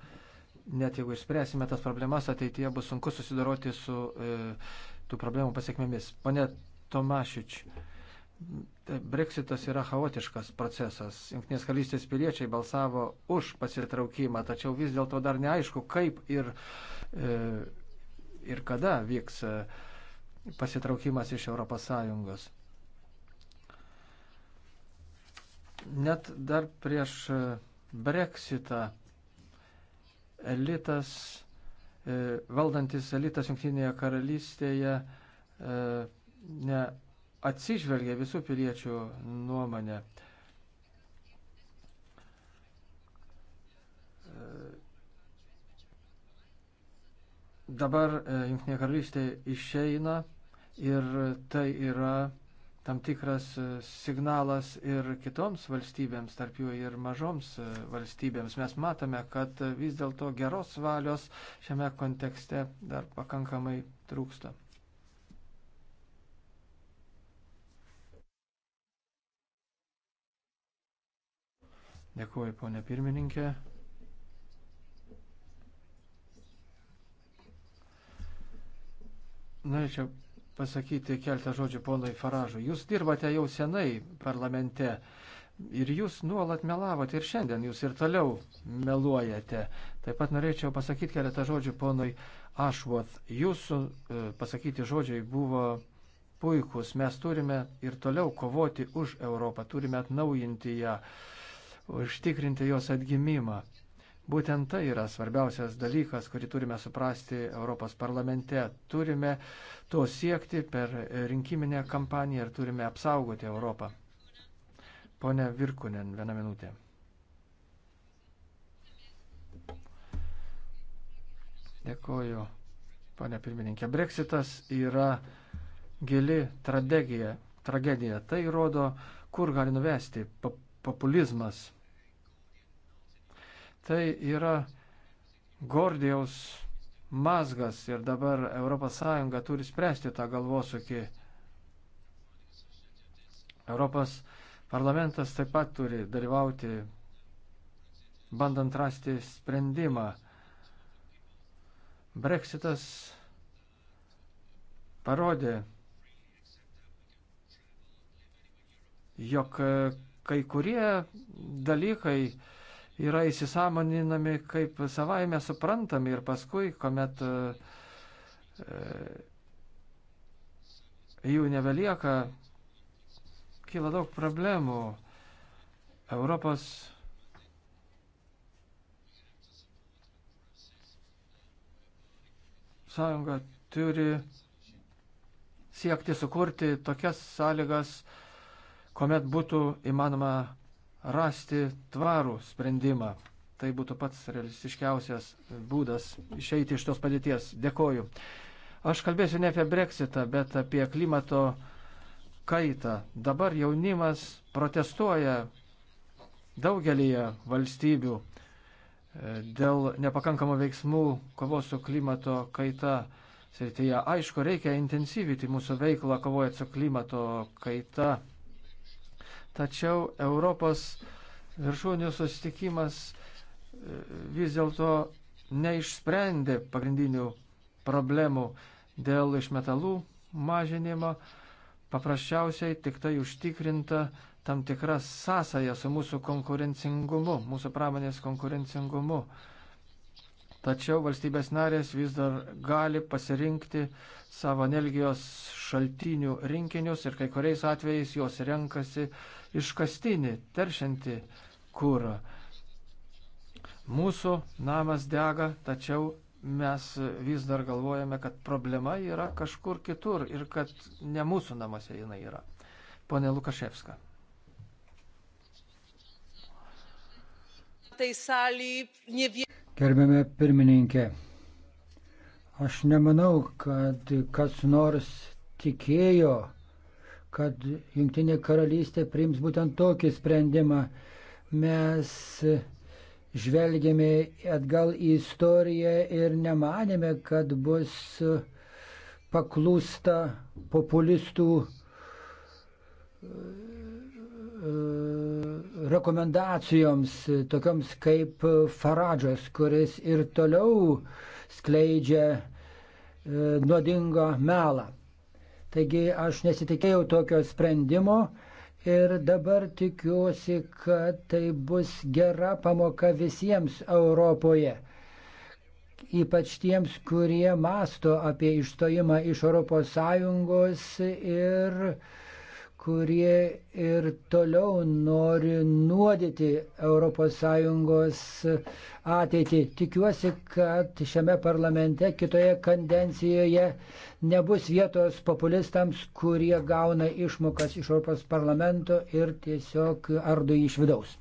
net jeigu išspręsime tas problemas, ateityje bus sunku susidoroti su e, tų problemų pasiekmėmis. Pane Tomašič, e, Brexitas yra chaotiškas procesas. Junktinės karalystės piliečiai balsavo už pasitraukimą, tačiau vis dėlto dar neaišku, kaip ir, e, ir kada vyks. E, pasitraukimas iš ES. Net dar prieš e, Brexitą elitas, e, valdantis elitas Junktinėje karalystėje e, neatsižvelgia visų piliečių nuomonę. dabar e, Junktinė karalystė išeina ir tai yra tam tikras e, signalas ir kitoms valstybėms, tarp jų ir mažoms e, valstybėms. Mes matome, kad vis dėlto geros valios šiame kontekste dar pakankamai trūksta. Dėkuoju, ponė pirmininkė. Norėčiau pasakyti keltą žodžių ponui Faražui. Jūs dirbate jau senai parlamente ir jūs nuolat melavote ir šiandien jūs ir toliau meluojate. Taip pat norėčiau pasakyti keletą žodžių ponui Ašvoth. Jūsų e, pasakyti žodžiai buvo puikus. Mes turime ir toliau kovoti už Europą, turime atnaujinti ją, užtikrinti jos atgimimą. Būtent tai yra svarbiausias dalykas, kurį turime suprasti Europos parlamente. Turime to siekti per rinkiminę kampaniją ir turime apsaugoti Europą. Pone Virkunen, vieną minutę. Dėkoju, ponė pirmininkė. Brexitas yra gili tragedija. tragedija. Tai rodo, kur gali nuvesti populizmas Tai yra Gordijaus mazgas ir dabar ES turi spręsti tą galvosūkį. Europos parlamentas taip pat turi dalyvauti, bandant rasti sprendimą. Brexitas parodė, jog kai kurie dalykai yra įsisamoninami kaip savaime suprantami ir paskui, kuomet e, e, jų nebelieka, kyla daug problemų. Europos sąjunga turi siekti sukurti tokias sąlygas, kuomet būtų įmanoma rasti tvarų sprendimą. Tai būtų pats realistiškiausias būdas išeiti iš tos padėties. Dėkoju. Aš kalbėsiu ne apie breksitą, bet apie klimato kaitą. Dabar jaunimas protestuoja daugelį valstybių e, dėl nepakankamų veiksmų kovos su klimato kaita srityje. Aišku, reikia intensyvinti mūsų veiklą kovojant su klimato kaita. Tačiau Europos viršūnių susitikimas e, vis dėlto neišsprendė pagrindinių problemų dėl išmetalų mažinimo. Paprasčiausiai tik tai užtikrinta tam tikra sąsaja su mūsų konkurencingumu, mūsų pramonės konkurencingumu. Tačiau valstybės narės vis dar gali pasirinkti savo energijos šaltinių rinkinius ir kai kuriais atvejais jos renkasi uh, iškastinį, teršiantį kūrą. Mūsų namas dega, tačiau mes vis dar galvojame, kad problema yra kažkur kitur ir kad ne mūsų namuose jinai yra. Pone Lukaševska. Tai Gerbiame pirmininkė, aš nemanau, kad kas nors tikėjo, kad Junktinė karalystė priims būtent tokį sprendimą. Mes žvelgėme atgal į istoriją ir nemanėme, kad bus paklūsta populistų e, rekomendacijoms, tokioms kaip Faradžas, kuris ir toliau skleidžia e, nuodingą melą. Taigi aš nesitikėjau tokio sprendimo ir dabar tikiuosi, kad tai bus gera pamoka visiems Europoje. Ypač tiems, kurie masto apie išstojimą iš ES ir kurie ir toliau nori nuodyti ES ateitį. Tikiuosi, kad šiame parlamente kitoje kandencijoje nebus vietos populistams, kurie gauna išmokas iš Europos parlamento ir tiesiog ardo jį iš vidaus.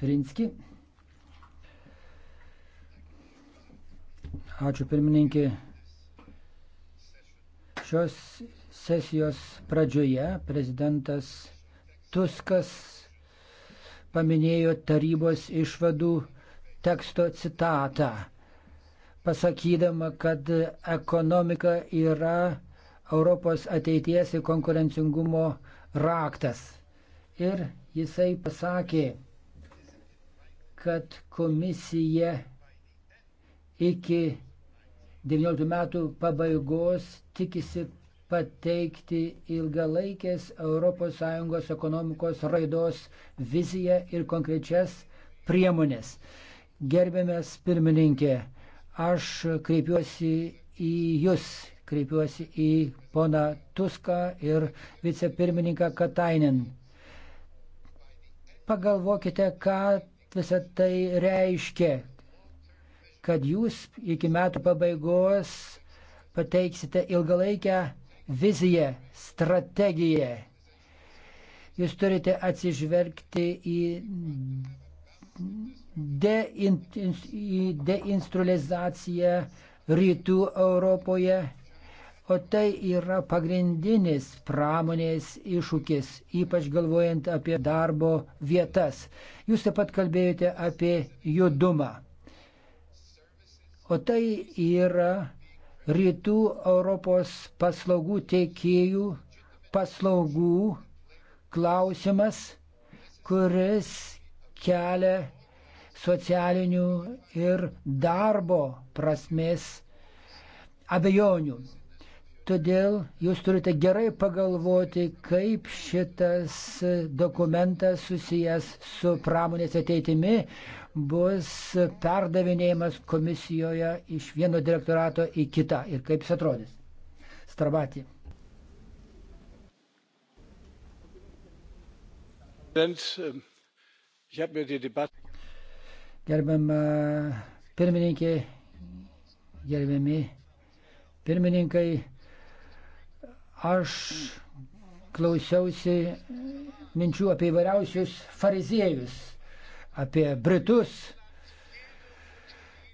Pirinski. Ačiū pirmininkė. Šios sesijos pradžioje prezidentas Tuskas paminėjo tarybos išvadų teksto citatą, pasakydama, kad ekonomika yra Europos ateities ir konkurencingumo raktas. Ir jisai pasakė, kad komisija iki 19 metų pabaigos tikisi pateikti ilgalaikės ES ekonomikos raidos viziją ir konkrečias priemonės. Gerbėmės pirmininkė, aš kreipiuosi į Jūs, kreipiuosi į poną Tuską ir vicepirmininką Katainen. Pagalvokite, ką visą tai reiškia, kad Jūs iki metų pabaigos pateiksite ilgalaikę viziją, strategiją. Jūs turite atsižvelgti į deinstrulizaciją rytų Europoje, o tai yra pagrindinis pramonės iššūkis, ypač galvojant apie darbo vietas. Jūs taip pat kalbėjote apie judumą. O tai yra rytų Europos paslaugų teikėjų paslaugų klausimas, kuris kelia socialinių ir darbo prasmės abejonių. Todėl jūs turite gerai pagalvoti, kaip šitas dokumentas susijęs su pramonės ateitimi, bus perdavinėjimas komisijoje iš vieno direktorato į kitą ir kaip jis atrodys. Strabatį. Ähm, Gerbiamą pirmininkį, gerbiami pirmininkai, aš klausiausi minčių apie įvairiausius fariziejus apie Britus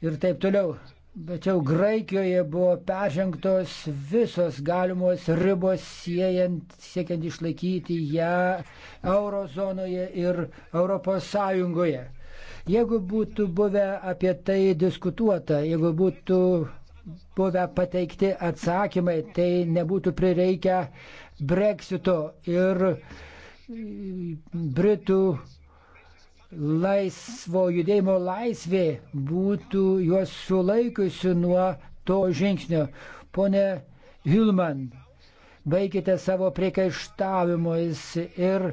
ir taip toliau. Bet jau Graikijoje buvo peržengtos visos galimos ribos siejant, siekiant išlaikyti ją eurozonoje ir Europos Sąjungoje. Jeigu būtų buvę apie tai diskutuota, jeigu būtų buvę pateikti atsakymai, tai nebūtų prireikę breksito ir Britų laisvo judėjimo laisvė būtų juos sulaikiusi nuo to žingsnio. Pone Hilman, baikite savo priekaištavimus ir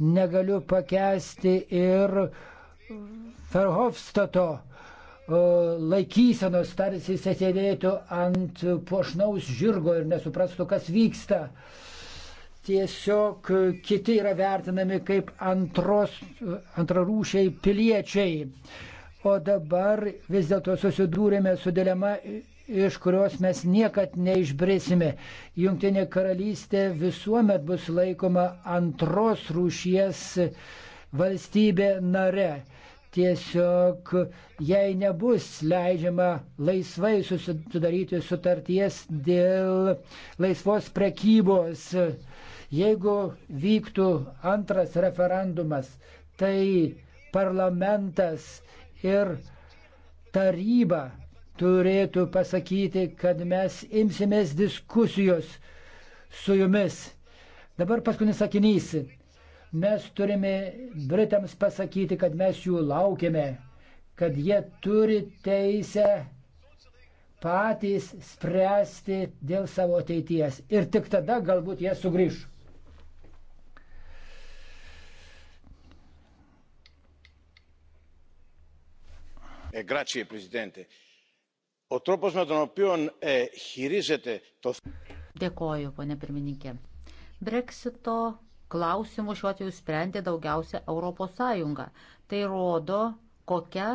negaliu pakęsti ir Ferhofstato laikysenos, tarsi jis sėdėtų ant puošnaus žirgo ir nesuprastų, kas vyksta. Uh, tiesiog e, kiti yra vertinami kaip antros, e, antrarūšiai piliečiai. O dabar vis dėlto susidūrėme su dilema, iš kurios mes niekad neišbrisime. Junktinė karalystė visuomet bus laikoma antros rūšies valstybė nare tiesiog jai nebus leidžiama laisvai susidaryti sutarties dėl laisvos prekybos Jeigu vyktų antras referendumas, tai parlamentas ir taryba turėtų pasakyti, kad mes imsimės diskusijos su jumis. Dabar paskutinis sakinys. Mes turime Britams pasakyti, kad mes jų laukiame, kad jie turi teisę patys spręsti dėl savo ateities. Ir tik tada galbūt jie sugrįž. Grazie, prezidentė. O tropos me τον οποίο ε, χειρίζεται το... Dėkoju, ponė pirmininkė. Brexito klausimų šiuo atveju sprendė daugiausia ES. Tai rodo, kokia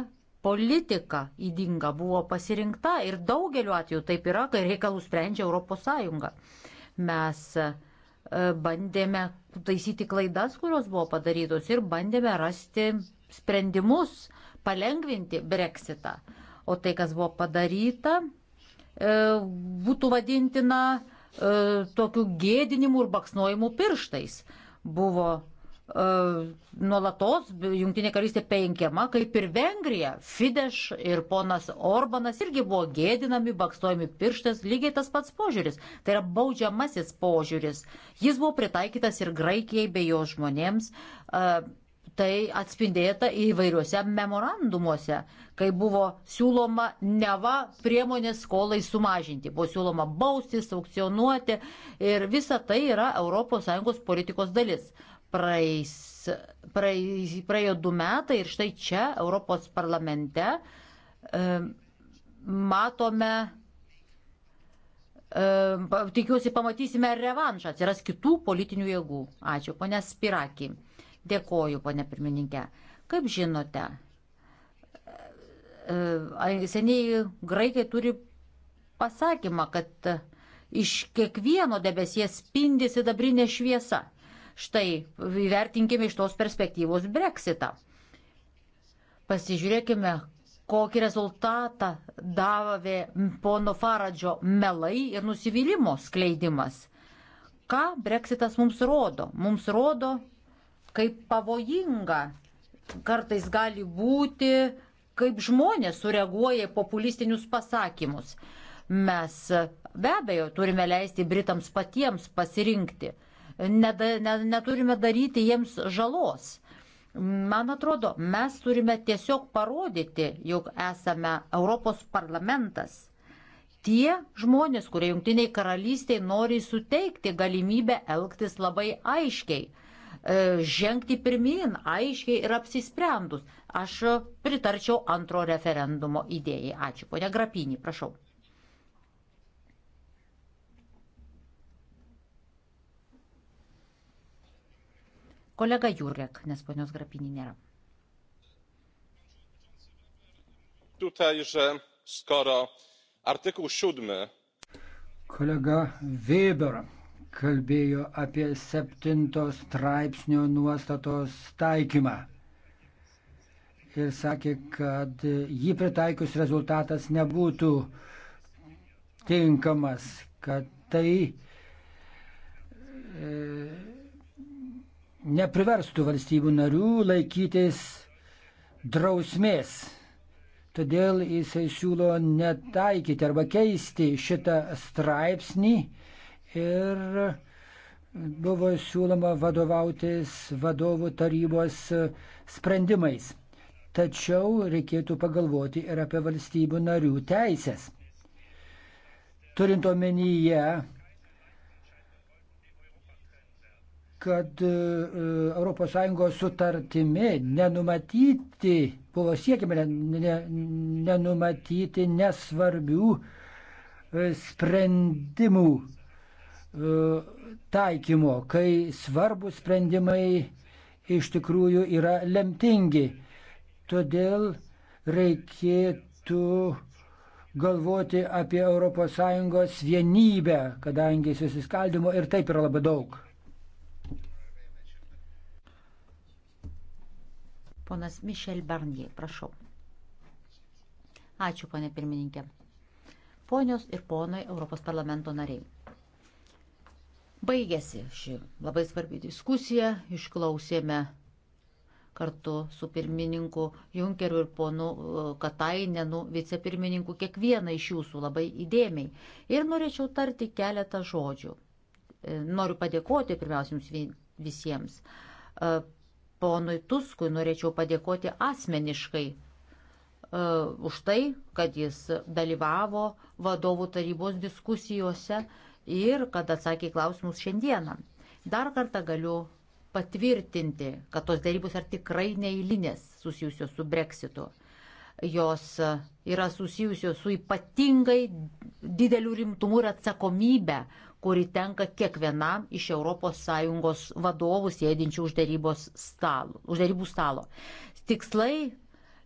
politika įdinga buvo pasirinkta ir daugeliu atveju taip yra, kai reikalų sprendžia ES. Mes e, bandėme taisyti klaidas, kurios buvo padarytos ir bandėme rasti sprendimus palengvinti breksitą. O tai, kas buvo padaryta, e, būtų vadintina e, tokiu gėdinimu ir baksnojimu pirštais. Buvo e, nuolatos Junktinė karalystė penkiama, kaip ir Vengrija. Fidesz ir ponas Orbanas irgi buvo gėdinami, bakstojami pirštas, lygiai tas pats požiūris. Tai yra baudžiamasis požiūris. Jis buvo pritaikytas ir Graikijai bei jo žmonėms tai atspindėta įvairiuose memorandumuose, kai buvo siūloma neva priemonės skolai sumažinti, buvo siūloma bausti, saukcionuoti ir visa tai yra ES politikos dalis. Praeis, praeis, praėjo du metai ir štai čia Europos parlamente e, matome e, tikiuosi pamatysime revanšą, atsiras kitų politinių jėgų. Ačiū, ponė Spiraki. Dėkoju, ponė pirmininkė. Kaip žinote, e, seniai graikai turi pasakymą, kad iš kiekvieno debesies spindi sidabrinė šviesa. Štai įvertinkime iš tos perspektyvos breksitą. Pasižiūrėkime, kokį rezultatą davė pono Faradžio melai ir nusivylimo skleidimas. Ką breksitas mums rodo? Mums rodo kaip pavojinga kartais gali būti, kaip žmonės sureaguoja į populistinius pasakymus. Mes be abejo turime leisti Britams patiems pasirinkti, Neda, ne, neturime daryti jiems žalos. Man atrodo, mes turime tiesiog parodyti, jog esame Europos parlamentas. Tie žmonės, kurie jungtiniai karalystiai nori suteikti galimybę elgtis labai aiškiai E, žengti pirmin, aiškiai ir apsisprendus. Aš pritarčiau antro referendumo idėjai. Ačiū. Pone Grapinį, prašau. Kolega Jurek, nes ponios Grapinį nėra. Tutaj, że skoro artykuł 7. Kolega Weber kalbėjo apie septintos straipsnio nuostatos taikymą. Ir sakė, kad jį pritaikius rezultatas nebūtų tinkamas, kad tai e, nepriverstų valstybių narių laikytis drausmės. Todėl jisai siūlo netaikyti arba keisti šitą straipsnį, e, ir buvo siūloma vadovautis vadovų tarybos sprendimais. Tačiau reikėtų pagalvoti ir apie valstybių narių teisės. Turint omenyje, kad ES sutartimi nenumatyti, buvo siekime nenumatyti nesvarbių e, sprendimų E, taikymo, kai svarbus sprendimai iš tikrųjų yra lemtingi. Todėl reikėtų galvoti apie ES vienybę, kadangi susiskaldimo ir taip yra labai daug. Ponas Mišel Barnier, prašau. Ačiū, ponė pirmininkė. Ponios ir ponai Europos parlamento nariai. Baigėsi ši labai svarbi diskusija, išklausėme kartu su pirmininku Junkeriu ir ponu e, Katainenu, vicepirmininku, kiekvieną iš jūsų labai įdėmiai. Ir norėčiau tarti keletą žodžių. E, noriu padėkoti pirmiausia jums visiems. E, ponui Tuskui norėčiau padėkoti asmeniškai už tai, kad jis dalyvavo vadovų tarybos diskusijose ir kad atsakė klausimus šiandieną. Dar kartą galiu patvirtinti, kad tos dėrybos yra tikrai neįlinės susijusios su breksitu. Jos e, yra susijusios su ypatingai dideliu rimtumu ir atsakomybė, kuri tenka kiekvienam iš ES vadovų sėdinčių už, stalo, už dėrybų stalo. Tikslai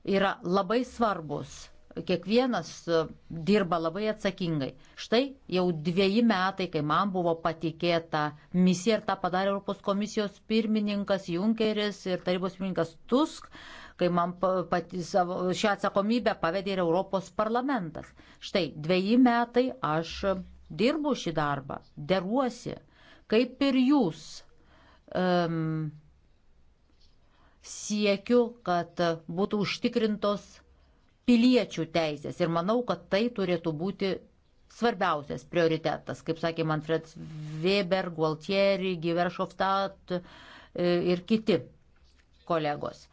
yra labai svarbus kiekvienas e, dirba labai atsakingai. Štai jau dviejį metai, kai man buvo patikėta misija ir tą padarė Europos komisijos pirmininkas Junkeris ir tarybos pirmininkas Tusk, kai man pati savo, šią atsakomybę pavedė ir Europos parlamentas. Štai dviejį metai aš dirbu šį darbą, deruosi, kaip ir jūs. Um, siekiu, kad būtų užtikrintos piliečių teisės. Ir manau, kad tai turėtų būti svarbiausias prioritetas, kaip sakė Manfred Weber, Gualtieri, Giveršoftat e, ir kiti kolegos.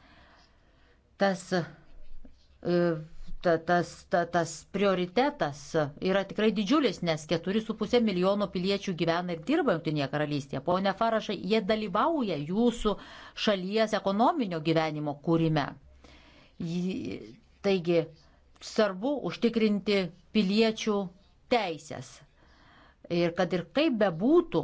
Tas, e, ta, tas, ta, tas prioritetas yra tikrai didžiulis, nes 4,5 milijono piliečių gyvena ir dirba Junktinėje karalystėje. Pone Farašai, jie dalyvauja jūsų šalies ekonominio gyvenimo kūrime Taigi svarbu užtikrinti piliečių teisės. Ir kad ir kaip bebūtų,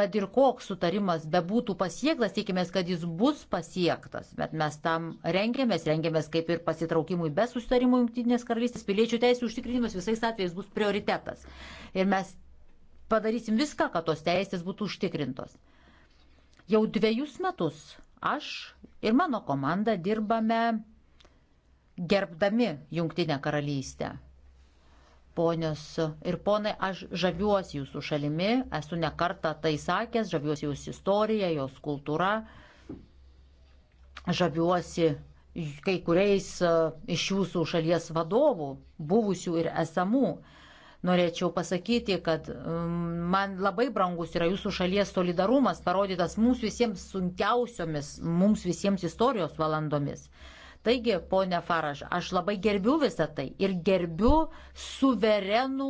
kad ir koks sutarimas bebūtų pasiektas, tikimės, kad jis bus pasiektas, bet mes tam rengiamės, rengiamės kaip ir pasitraukimui be sustarimų Junktinės karalystės, piliečių teisų užtikrinimas visais atvejais bus prioritetas. Ir mes padarysim viską, kad tos teisės būtų užtikrintos. Jau dviejus metus aš ir mano komanda dirbame gerbdami Junktinę karalystę. Ponios ir ponai, aš žaviuosi jūsų šalimi, esu nekarta tai sakęs, žaviuosi jūsų istorija, jos kultūra, žaviuosi kai kuriais e, iš jūsų šalies vadovų, buvusių ir esamų. Norėčiau pasakyti, kad man labai brangus yra jūsų šalies solidarumas, parodytas mums visiems sunkiausiomis, mums visiems istorijos valandomis. Taigi, ponia Faraž, aš labai gerbiu visą tai ir gerbiu suverenų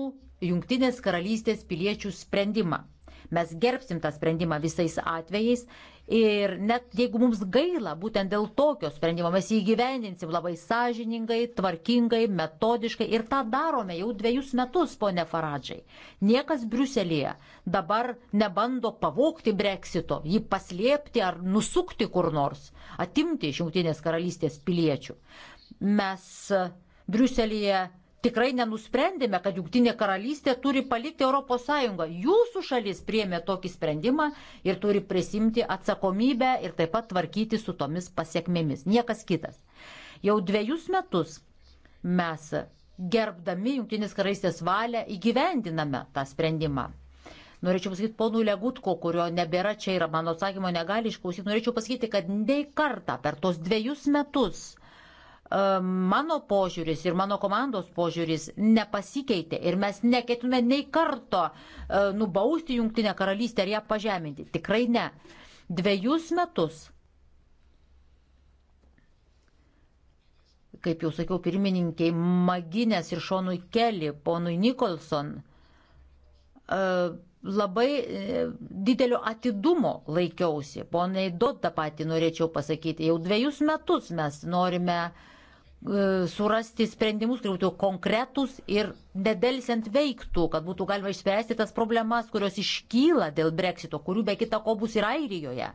Junktinės karalystės piliečių sprendimą. Mes gerbsim tą sprendimą visais atvejais Ir net jeigu mums gaila, būtent dėl tokio sprendimo mes jį gyvendinsim labai sąžiningai, tvarkingai, metodiškai. Ir tą darome jau dviejus metus, ponė Faradžiai. Niekas Briuselėje dabar nebando pavokti breksito, jį paslėpti ar nusukti kur nors, atimti iš Junktinės karalystės piliečių. Mes e, Briuselėje tikrai nenusprendėme, kad Junktinė karalystė turi palikti ES. Jūsų šalis priemė tokį sprendimą ir turi prisimti atsakomybę ir taip pat tvarkyti su tomis pasiekmėmis. Niekas kitas. Jau dviejus metus mes, gerbdami Junktinės karalystės valią, įgyvendiname tą sprendimą. Norėčiau pasakyti ponui Legutko, kurio nebėra čia ir mano atsakymo negali išklausyti, norėčiau pasakyti, kad nei kartą per tos dviejus metus E, mano požiūris ir mano komandos požiūris nepasikeitė ir mes neketume nei karto e, nubausti Junktinę karalystę ar ją pažeminti. Tikrai ne. Dviejus metus, kaip jau sakiau, pirmininkiai Maginės ir Šonui Keli, ponui Nikolson, e, labai didelio atidumo laikiausi. Ponai Dot tą patį norėčiau pasakyti. Jau dviejus metus mes norime uh, E, surasti sprendimus, kurie būtų konkretūs ir nedelsiant veiktų, kad būtų galima išspręsti tas problemas, kurios iškyla dėl breksito, kurių be kita ko bus ir Airijoje.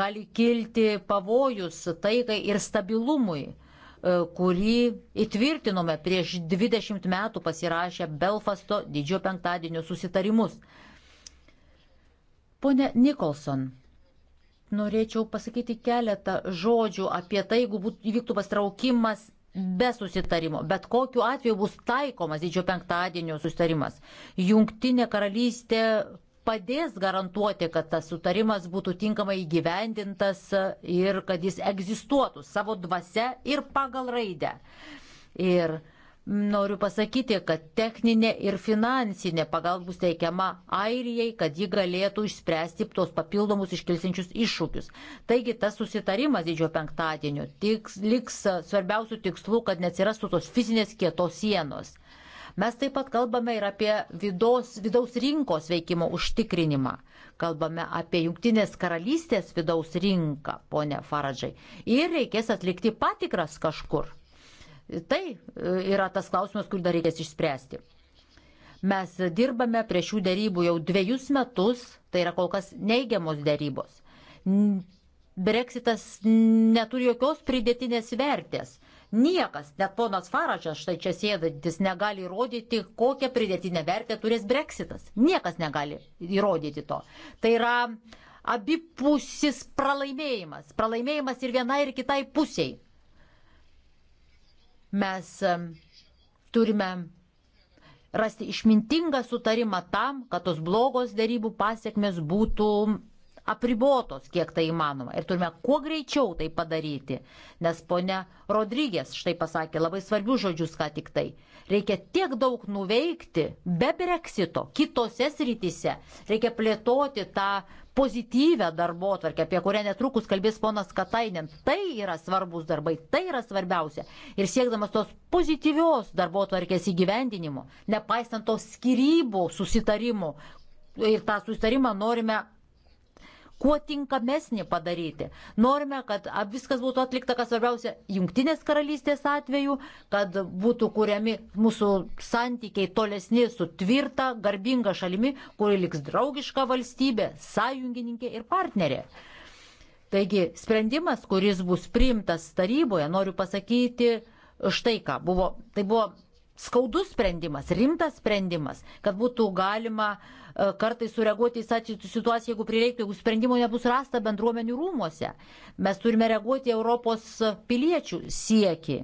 Gali kilti pavojus taikai ir stabilumui, e, kurį įtvirtinome prieš 20 metų pasirašę Belfasto didžiojo penktadienio susitarimus. Pone Nikolson, Norėčiau pasakyti keletą žodžių apie tai, jeigu būt, įvyktų pastraukimas be susitarimo. Bet kokiu atveju bus taikomas didžio penktadienio susitarimas. Jungtinė karalystė padės garantuoti, kad tas sutarimas būtų tinkamai įgyvendintas ir kad jis egzistuotų savo dvasia ir pagal raidę. Ir uh, Noriu pasakyti, kad techninė ir finansinė pagalba bus teikiama Airijai, kad ji galėtų išspręsti tos papildomus iškilsinčius iššūkius. Taigi tas susitarimas didžio penktadienio tiks, liks svarbiausių tikslų, kad neatsirastų tos fizinės kietos sienos. Mes taip pat kalbame ir apie vidaus, vidaus rinkos veikimo užtikrinimą. Kalbame apie Junktinės karalystės vidaus rinką, ponė Faradžai. Ir reikės atlikti patikras kažkur Tai e, yra tas klausimas, kurį dar reikės išspręsti. Mes dirbame prie šių dėrybų jau dviejus metus, tai yra kol kas neigiamos dėrybos. Brexitas neturi jokios pridėtinės vertės. Niekas, net ponas Farašas, štai čia sėdantis, negali įrodyti, kokią pridėtinę vertę turės breksitas. Niekas negali įrodyti to. Tai yra abipusis pralaimėjimas. Pralaimėjimas ir vienai, ir kitai pusiai. Mes turime rasti išmintingą sutarimą tam, kad tos blogos dėrybų pasiekmes būtų apribotos, kiek tai įmanoma. Ir turime kuo greičiau tai padaryti, nes ponia Rodrygės štai pasakė labai svarbių žodžius ką tik tai. Reikia tiek daug nuveikti be breksito, kitose srityse. Reikia plėtoti tą pozityvę darbo atvarkę, apie kurią netrukus kalbės ponas Katainen. Tai yra svarbus darbai, tai yra svarbiausia. Ir siekdamas tos pozityvios darbo atvarkės įgyvendinimo, nepaisant to skirybų susitarimo, ir tą susitarimą norime kuo tinkamesnį padaryti. Norime, kad viskas būtų atlikta, kas svarbiausia, jungtinės karalystės atveju, kad būtų kuriami mūsų santykiai tolesni su tvirta, garbinga šalimi, kuri liks draugiška valstybė, sąjungininkė ir partnerė. Taigi sprendimas, kuris bus priimtas taryboje, noriu pasakyti štai ką, buvo, tai buvo skaudus sprendimas, rimtas sprendimas, kad būtų galima e, kartais sureaguoti į situaciją, jeigu prireiktų, jeigu sprendimo nebus rasta bendruomenių rūmose. Mes turime reaguoti Europos piliečių sieki.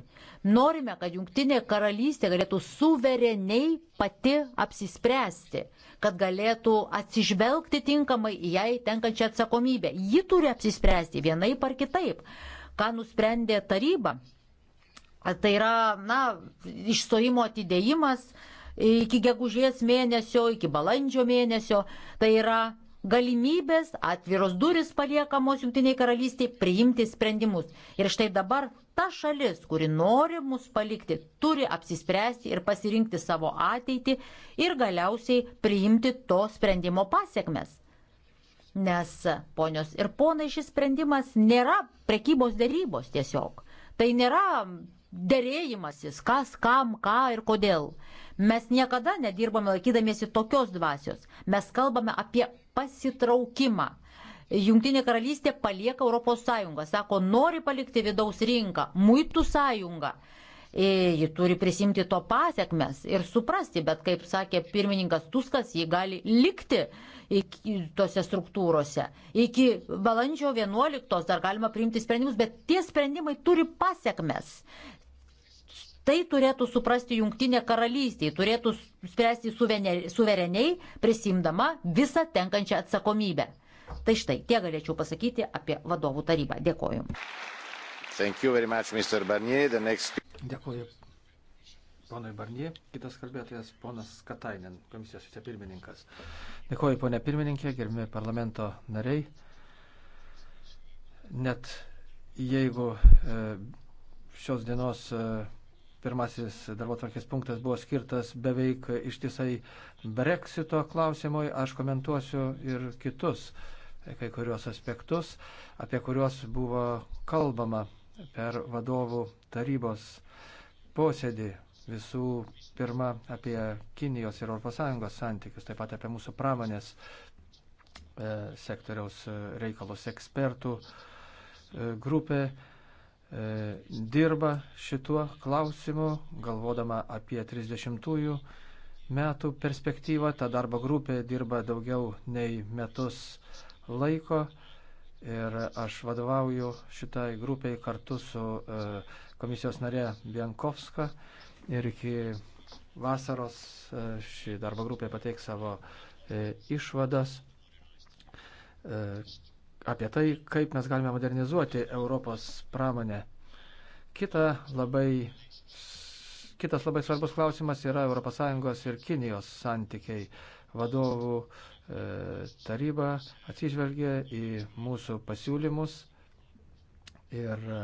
Norime, kad Junktinė karalystė galėtų suvereniai pati apsispręsti, kad galėtų atsižvelgti tinkamai į jai tenkančią atsakomybę. Ji turi apsispręsti vienaip ar kitaip, ką nusprendė taryba Tai yra, na, išstojimo atidėjimas iki gegužės mėnesio, iki balandžio mėnesio. Tai yra galimybės, atviros duris paliekamos Junktiniai karalystiai priimti sprendimus. Ir štai dabar ta šalis, kuri nori mus palikti, turi apsispręsti ir pasirinkti savo ateitį ir galiausiai priimti to sprendimo pasiekmes. Nes, ponios ir ponai, šis sprendimas nėra prekybos dėrybos tiesiog. Tai nėra dėrėjimasis, kas, kam, ką ir kodėl. Mes niekada nedirbame laikydamiesi tokios dvasios. Mes kalbame apie pasitraukimą. Junktinė karalystė palieka Europos Sąjungą, sako, nori palikti vidaus rinką, muitų sąjungą. E, ji turi prisimti to pasiekmes ir suprasti, bet kaip sakė pirmininkas Tuskas, ji gali likti tose struktūrose. Iki balandžio 11 dar galima priimti sprendimus, bet tie sprendimai turi pasiekmes. Tai turėtų suprasti jungtinė karalystė, turėtų spręsti suvereniai, prisimdama visą tenkančią atsakomybę. Tai štai, tie galėčiau pasakyti apie vadovų tarybą. Dėkoju. Much, Barnier. Next... Dėkoju. Ponui Barnie, kitas kalbėtojas ponas Katainen, komisijos vicepirmininkas. Dėkoju, ponė pirmininkė, gerbimi parlamento nariai. Net jeigu e, šios dienos e, Pirmasis darbo tvarkės punktas buvo skirtas beveik ištisai breksito klausimui. Aš komentuosiu ir kitus kai kurios aspektus, apie kuriuos buvo kalbama per vadovų tarybos posėdį. Visų pirma, apie Kinijos ir ES santykius, taip pat apie mūsų pramonės e, sektoriaus e, reikalus ekspertų e, grupė E, dirba šituo klausimu, galvodama apie 30-ųjų metų perspektyvą. Ta darbo grupė dirba daugiau nei metus laiko ir aš vadovauju šitai grupiai kartu su e, komisijos narė Bienkovska ir iki vasaros e, ši darbo grupė pateiks savo išvadas apie tai, kaip mes galime modernizuoti Europos pramonę. Kita labai, kitas labai svarbus klausimas yra ES ir Kinijos santykiai. Vadovų e, taryba atsižvelgia į mūsų pasiūlymus ir e,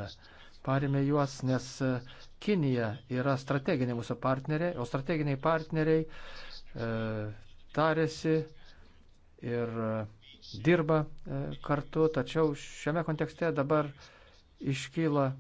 parėmė juos, nes e, Kinija yra strateginė mūsų partnerė, o strateginiai partneriai e, tarėsi ir e, dirba e, kartu, tačiau šiame kontekste dabar iškyla